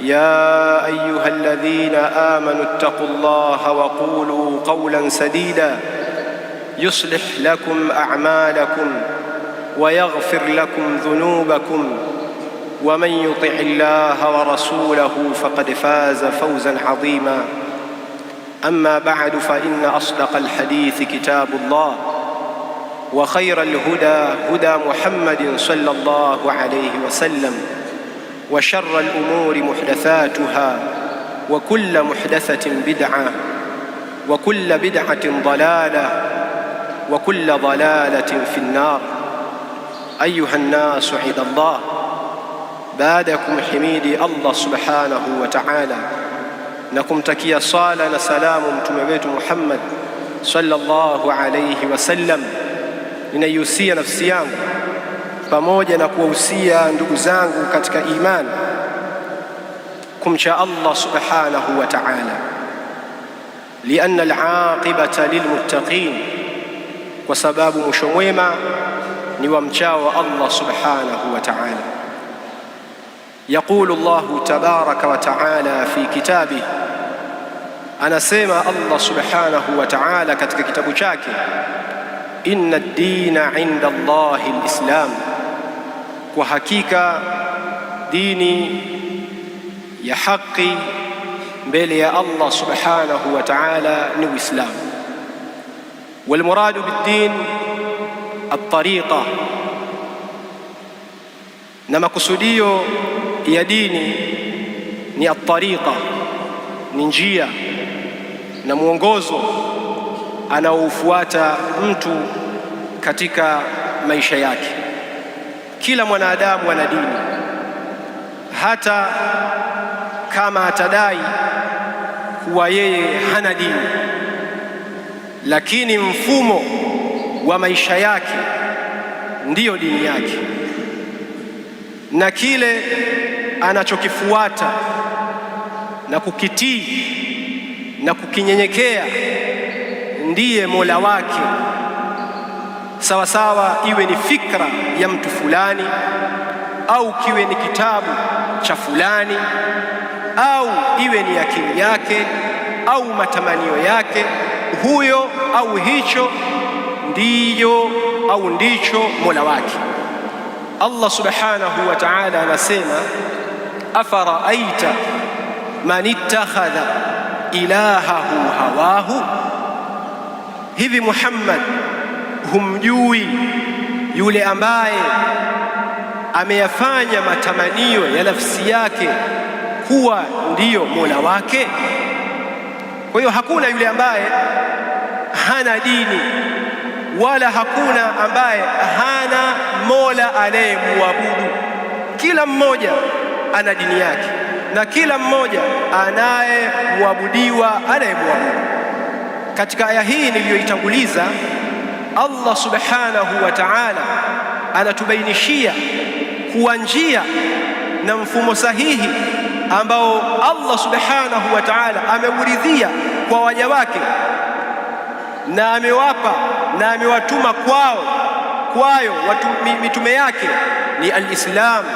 يا ايها الذين امنوا اتقوا الله وقولوا قولا سديدا يصلح لكم اعمالكم ويغفر لكم ذنوبكم ومن يطع الله ورسوله فقد فاز فوزا عظيما اما بعد فان اصدق الحديث كتاب الله وخير الهدى هدى محمد صلى الله عليه وسلم وشر الأمور محدثاتها وكل محدثة بدعة وكل بدعة ضلالة وكل ضلالة في النار أيها الناس عيد الله بادكم حميدي الله سبحانه وتعالى نكم تكي صالة سلام تمبيت محمد صلى الله عليه وسلم إن يوسي نفسيانه pamoja na kuwahusia ndugu zangu katika imani kumcha Allah subhanahu wa ta'ala, lianna alaqibata lilmuttaqin, kwa sababu mwisho mwema ni wa mchao wa Allah subhanahu wa ta'ala. Yaqulu Allahu tabaraka wa ta'ala fi kitabihi, anasema Allah subhanahu wa ta'ala katika kitabu chake, inna ad-dina 'inda Allahi al-islam Kwa hakika dini ya haki mbele ya Allah subhanahu wa ta'ala ni Uislamu. Walmuradu biddin altariqa, na makusudio ya dini ni altariqa, ni njia na mwongozo anaoufuata mtu katika maisha yake. Kila mwanadamu ana dini, hata kama atadai kuwa yeye hana dini, lakini mfumo wa maisha yake ndiyo dini yake, na kile anachokifuata na kukitii na kukinyenyekea ndiye Mola wake sawasawa, iwe ni fikra ya mtu fulani au kiwe ni kitabu cha fulani au iwe ni akili yake au matamanio yake, huyo au hicho ndiyo au ndicho Mola wake. Allah subhanahu wa ta'ala anasema afaraaita man ittakhadha ilahahu hawahu, hivi Muhammad humjui yule ambaye ameyafanya matamanio ya nafsi yake kuwa ndiyo mola wake. Kwa hiyo hakuna yule ambaye hana dini wala hakuna ambaye hana mola anayemwabudu. Kila mmoja ana dini yake na kila mmoja anayemwabudiwa anayemwabudu. Katika aya hii niliyoitanguliza Allah subhanahu wa ta'ala anatubainishia kuwa njia na mfumo sahihi ambao Allah subhanahu wa ta'ala ameuridhia kwa waja wake na amewapa na amewatuma kwao kwayo watu, mitume yake ni alislamu,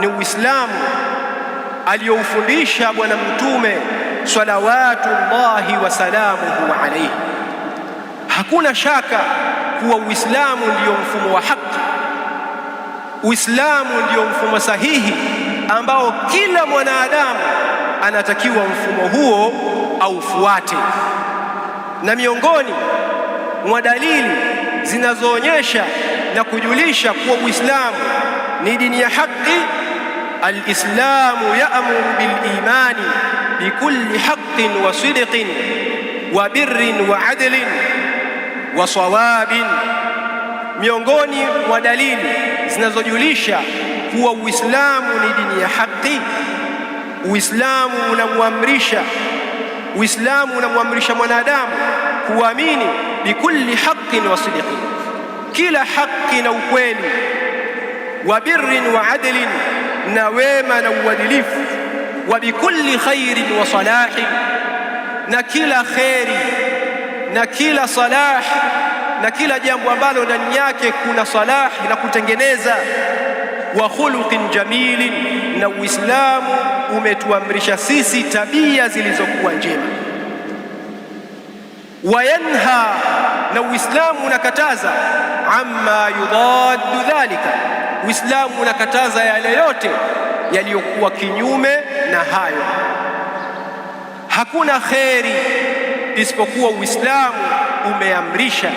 ni Uislamu aliyoufundisha Bwana Mtume salawatullahi wasalamuhu alaihi. Hakuna shaka kuwa Uislamu ndio mfumo wa haki, Uislamu ndio mfumo sahihi ambao kila mwanadamu anatakiwa mfumo huo aufuate, na miongoni mwa dalili zinazoonyesha na kujulisha kuwa Uislamu ni dini ya haki, alislamu yaamuru bilimani bikulli haqqin wa sidqin wa birrin wa adlin wa sawabin, miongoni mwa dalili zinazojulisha kuwa Uislamu ni dini ya haki. Uislamu unamwamrisha Uislamu unamwamrisha mwanadamu kuamini bikulli haqqin wa sidqin, kila haki na ukweli, wa birrin wa adlin, na wema na uadilifu, wa bikulli khairin wa salahin, na kila kheri na kila salah na kila jambo ambalo ndani yake kuna salah na kutengeneza, wa khuluqin jamilin, na Uislamu umetuamrisha sisi tabia zilizokuwa njema. yanha na Uislamu unakataza amma yudaddu dhalika, Uislamu unakataza yale yote yaliyokuwa kinyume na hayo. Hakuna kheri isipokuwa Uislamu umeamrisha,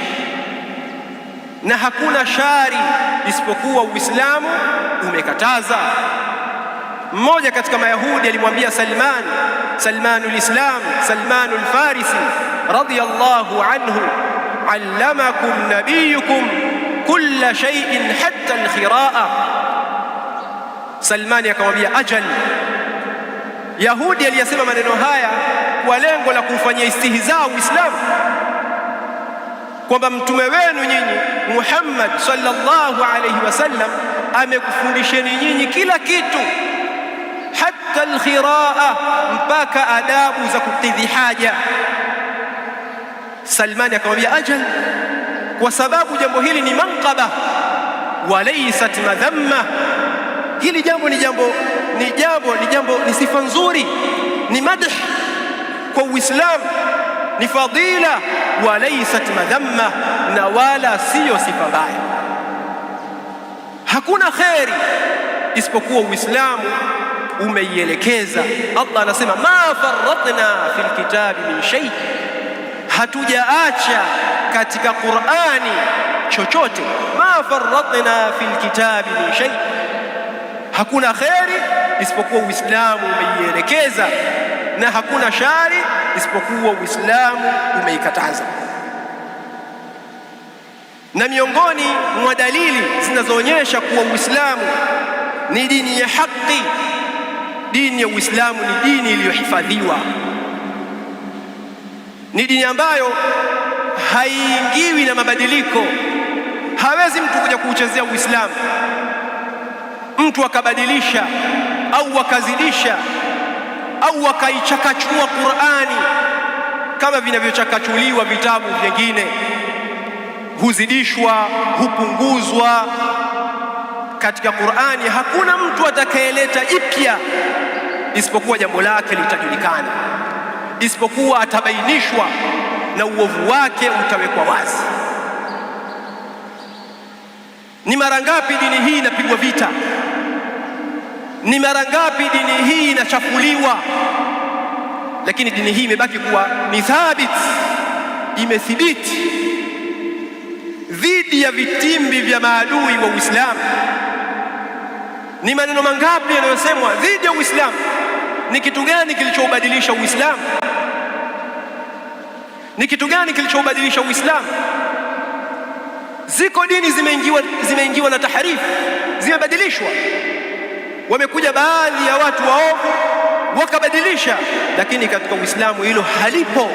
na hakuna shari isipokuwa Uislamu umekataza. Mmoja katika Mayahudi alimwambia Salman, Salmanul Islam, Salmanul Farisi radiyallahu anhu, allamakum nabiyukum kulla shay'in hatta alkhiraa. Salmani akamwambia ajal. Yahudi aliyasema maneno haya kwa lengo la kuufanyia istihizaa Uislamu, kwamba mtume wenu nyinyi Muhammad sallallahu alayhi wasallam amekufundisheni nyinyi kila kitu, hata alkhiraa, mpaka adabu za kukidhi haja. Salmani akamwambia ajal, kwa sababu jambo hili ni manqaba walaisat madhamma, hili jambo ni jambo ni jambo ni jambo ni sifa nzuri, ni madh kwa Uislamu ni fadila, walaisat madhamma, na wala siyo sifa mbaya. Hakuna kheri isipokuwa Uislamu umeielekeza. Allah anasema ma faratna fil lkitabi min shay, hatujaacha katika Qur'ani chochote. Ma faratna fil kitabi min shay, hakuna kheri isipokuwa Uislamu umeielekeza na hakuna shari isipokuwa Uislamu umeikataza. Na miongoni mwa dalili zinazoonyesha kuwa Uislamu ni dini ya haki, dini ya Uislamu ni dini iliyohifadhiwa, ni dini ambayo haiingiwi na mabadiliko. Hawezi mtu kuja kuuchezea Uislamu, mtu akabadilisha au akazidisha au wakaichakachua Qur'ani kama vinavyochakachuliwa vitabu vingine, huzidishwa, hupunguzwa. Katika Qur'ani hakuna mtu atakayeleta ipya isipokuwa jambo lake litajulikana, isipokuwa atabainishwa na uovu wake utawekwa wazi. Ni mara ngapi dini hii inapigwa vita? Ni mara ngapi dini hii inachafuliwa, lakini dini hii imebaki kuwa ni thabit, imethibiti dhidi ya vitimbi vya maadui wa Uislamu. Ni maneno mangapi yanayosemwa dhidi ya Uislamu? Ni kitu gani kilichoubadilisha Uislamu? Ni kitu gani kilichoubadilisha Uislamu? Ziko dini zimeingiwa, zimeingiwa na taharifu, zimebadilishwa wamekuja baadhi ya watu waovu wakabadilisha, lakini katika Uislamu hilo halipo,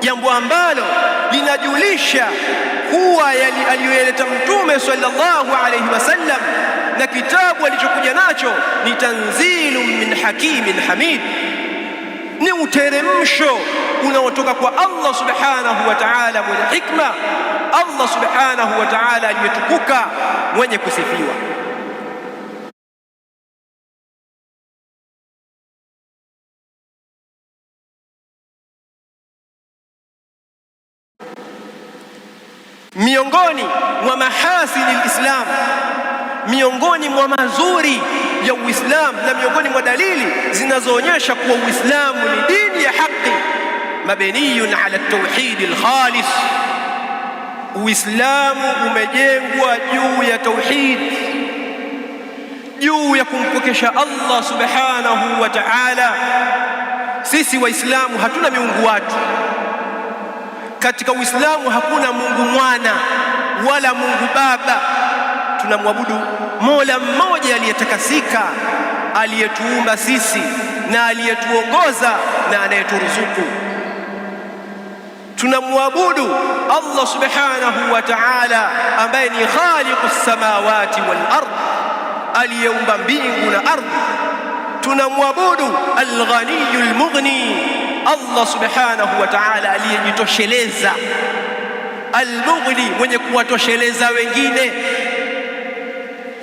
jambo ambalo linajulisha kuwa aliyoyaleta Mtume sallallahu alayhi wasallam na kitabu alichokuja nacho ni tanzilu min hakimin hamid, ni uteremsho unaotoka kwa Allah subhanahu wa ta'ala, mwenye hikma, Allah subhanahu wa ta'ala aliyetukuka, mwenye kusifiwa. Miongoni mwa mahasini lislam, miongoni mwa mazuri ya Uislamu na miongoni mwa dalili zinazoonyesha kuwa Uislamu ni dini ya haki, mabeniyun ala tauhidi lkhalis, Uislamu umejengwa juu ya tauhid juu ya kumpokesha Allah subhanahu wa ta'ala. Sisi Waislamu hatuna miungu watu katika Uislamu hakuna Mungu mwana wala Mungu baba, tunamwabudu Mola mmoja aliyetakasika, aliyetuumba sisi na aliyetuongoza na anayeturuzuku. Tunamwabudu Allah subhanahu wa ta'ala, ambaye ni khaliqu samawati wal ard, aliyeumba mbingu na ardhi. Tunamwabudu Alghaniyu Lmughni Allah subhanahu wa ta'ala aliyejitosheleza, almughni, mwenye kuwatosheleza wengine.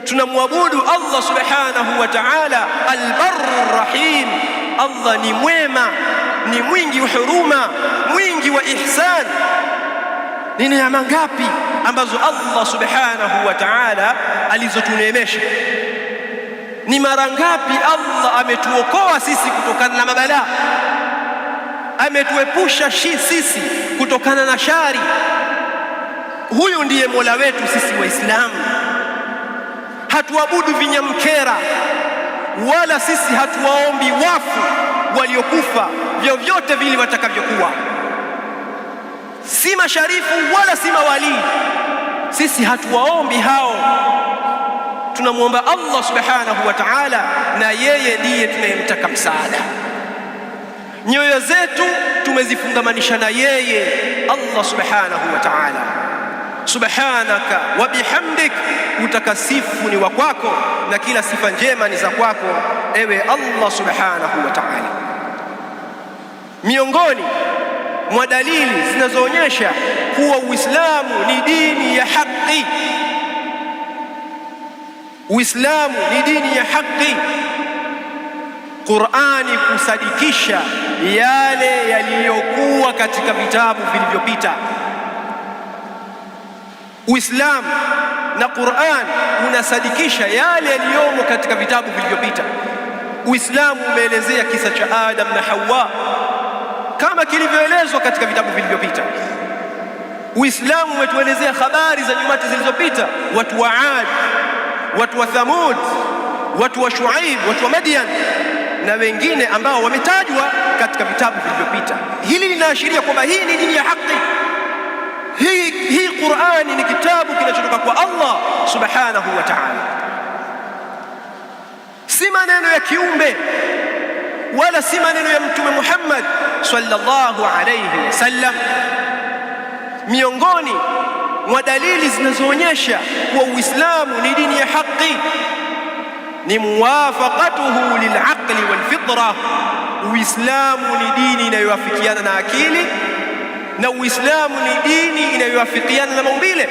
Tunamwabudu Allah subhanahu wa ta'ala albarru rahim, Allah ni mwema, ni mwingi wa huruma, mwingi wa ihsan. Ni neema ngapi ambazo Allah subhanahu wa ta'ala alizotuneemesha? Ni mara ngapi Allah ametuokoa sisi kutokana na mabalaa ametuepusha sisi kutokana na shari. Huyu ndiye Mola wetu sisi Waislamu. Hatuabudu vinyamkera wala sisi hatuwaombi wafu waliokufa vyovyote vile watakavyokuwa, si masharifu wala si mawalii. Sisi hatuwaombi hao, tunamwomba Allah subhanahu wa ta'ala, na yeye ndiye tunayemtaka msaada nyoyo zetu tumezifungamanisha na yeye Allah subhanahu wa ta'ala. Subhanaka wa bihamdik, utakasifu ni wa kwako na kila sifa njema ni za kwako ewe Allah subhanahu wa ta'ala. Miongoni mwa dalili zinazoonyesha kuwa Uislamu ni dini ya haki, Uislamu ni dini ya haki Qur'ani kusadikisha yale yaliyokuwa katika vitabu vilivyopita. Uislamu na Qur'an unasadikisha yale yaliyomo katika vitabu vilivyopita. Uislamu umeelezea kisa cha Adam na Hawa kama kilivyoelezwa katika vitabu vilivyopita. Uislamu umetuelezea habari za nyumati zilizopita, watu wa Ad, watu wa Thamud, watu wa Shuaib, watu wa Madian na wengine ambao wametajwa katika vitabu vilivyopita. Hili linaashiria kwamba hii ni dini ya haki. Hii, hii Qur'ani ni kitabu kinachotoka kwa Allah subhanahu wa ta'ala, si maneno ya kiumbe wala si maneno ya Mtume Muhammad sallallahu alayhi wasallam. Miongoni mwa dalili zinazoonyesha kuwa Uislamu ni dini ya haki ni muwafaqatuhu lilaqli walfitra. Uislamu ni dini inayoafikiana na akili na Uislamu ni dini inayoafikiana na maumbile,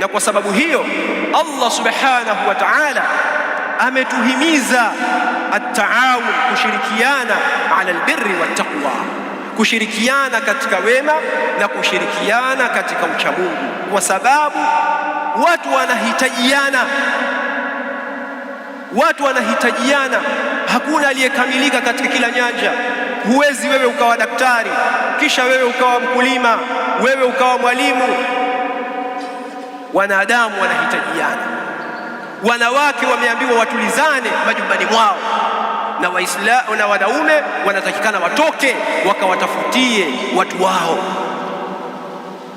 na kwa sababu hiyo Allah subhanahu wa ta'ala ametuhimiza at kushirikiana ala albirri wattaqwa, kushirikiana katika wema na kushirikiana katika uchamungu, kwa sababu watu wanahitajiana. Watu wanahitajiana, hakuna aliyekamilika katika kila nyanja. Huwezi wewe ukawa daktari kisha wewe ukawa mkulima, wewe ukawa mwalimu. Wanadamu wanahitajiana. Wanawake wameambiwa watulizane majumbani mwao na Waislamu na wanaume wanatakikana watoke wakawatafutie watu wao,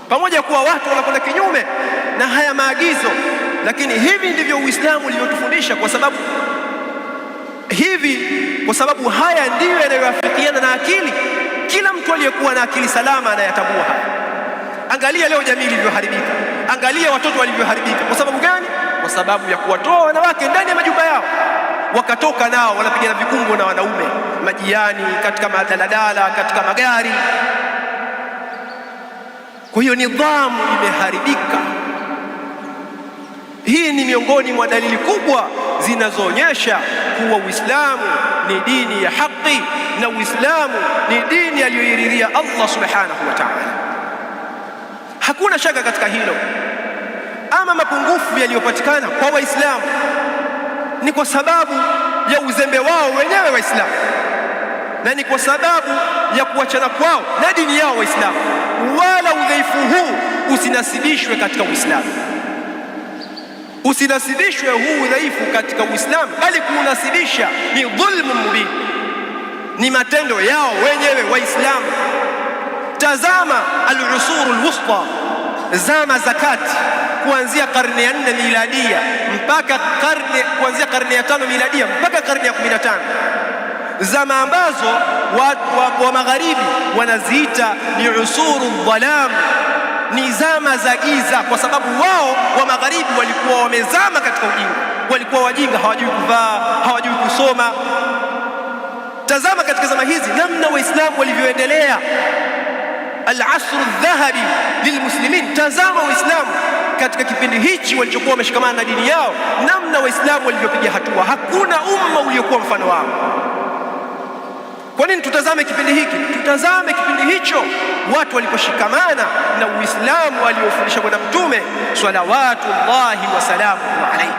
pamoja kuwa watu wanakwenda kinyume na haya maagizo. Lakini hivi ndivyo Uislamu ulivyotufundisha, kwa sababu hivi, kwa sababu haya ndiyo yanayoafikiana na akili. Kila mtu aliyekuwa na akili salama anayatambua haya. Angalia leo jamii ilivyoharibika, angalia watoto walivyoharibika. Kwa sababu gani? Kwa sababu ya kuwatoa wanawake ndani ya majumba yao, wakatoka nao wanapigana vikungo na wanaume majiani, katika madaladala, katika magari. Kwa hiyo nidhamu imeharibika ni miongoni mwa dalili kubwa zinazoonyesha kuwa Uislamu ni dini ya haki na Uislamu ni dini aliyoiridhia Allah subhanahu wa ta'ala. Hakuna shaka katika hilo. Ama mapungufu yaliyopatikana kwa Waislamu ni kwa sababu ya uzembe wao wenyewe Waislamu, na ni kwa sababu ya kuachana kwao na dini yao Waislamu. Wala udhaifu huu usinasibishwe katika Uislamu. Usinasidishwe huu udhaifu katika Uislamu, bali kuunasidisha ni dhulmu mubin, ni matendo yao wenyewe Waislamu. Tazama al-usuru al-wusta, zama za kati, kuanzia karne ya nne miladia mpaka karne, kuanzia karne ya tano miladia mpaka karne ya 15 zama ambazo wa, wa, wa magharibi wanaziita ni usuru dhalam ni zama za giza, kwa sababu wao wa magharibi walikuwa wamezama katika ujinga, walikuwa wajinga, hawajui kuvaa, hawajui kusoma. Tazama katika zama hizi namna Waislamu walivyoendelea, al-asru dhahabi lilmuslimin. Tazama Waislamu katika kipindi hichi walichokuwa wameshikamana na dini yao, namna Waislamu walivyopiga hatua. Hakuna umma uliokuwa mfano wao. Kwa nini tutazame kipindi hiki? Tutazame kipindi hicho watu waliposhikamana na Uislamu aliofundisha Bwana Mtume llahi wasalamuhu alaihi.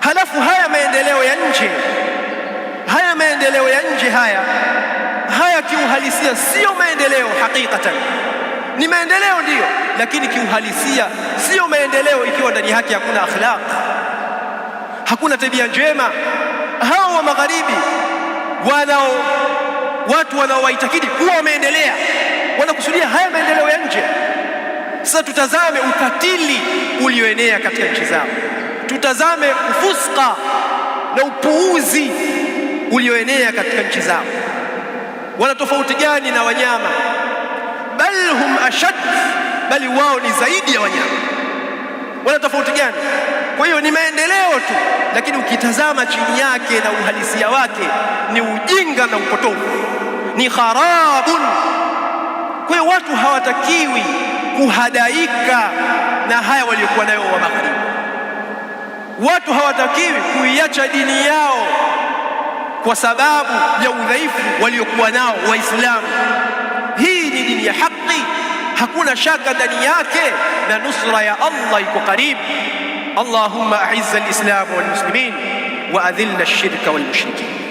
Halafu haya maendeleo ya nje haya maendeleo ya nje haya haya kiuhalisia siyo maendeleo hakikatan, ni maendeleo ndiyo, lakini kiuhalisia siyo maendeleo ikiwa ndani yake hakuna akhlaq, hakuna tabia njema. Hao wa magharibi wanao watu wanaowaitakidi kuwa wameendelea, wanakusudia haya maendeleo ya nje. Sasa tutazame ukatili ulioenea katika nchi zao, tutazame ufuska na upuuzi ulioenea katika nchi zao. Wana tofauti gani na wanyama? Bal hum ashad, bali wao ni zaidi ya wanyama. Wana tofauti gani? Kwa hiyo ni maendeleo tu, lakini ukitazama chini yake na uhalisia wake ni ujinga na upotofu, ni kharabun. Kwa hiyo watu hawatakiwi kuhadaika na haya waliokuwa nayo wa Magharibi. Watu hawatakiwi kuiacha dini yao kwa sababu ya udhaifu waliokuwa nao Waislamu. Hii ni dini ya haki, hakuna shaka ndani yake, na nusra ya Allah iko karibu. اللهم أعز الإسلام والمسلمين وأذل الشرك والمشركين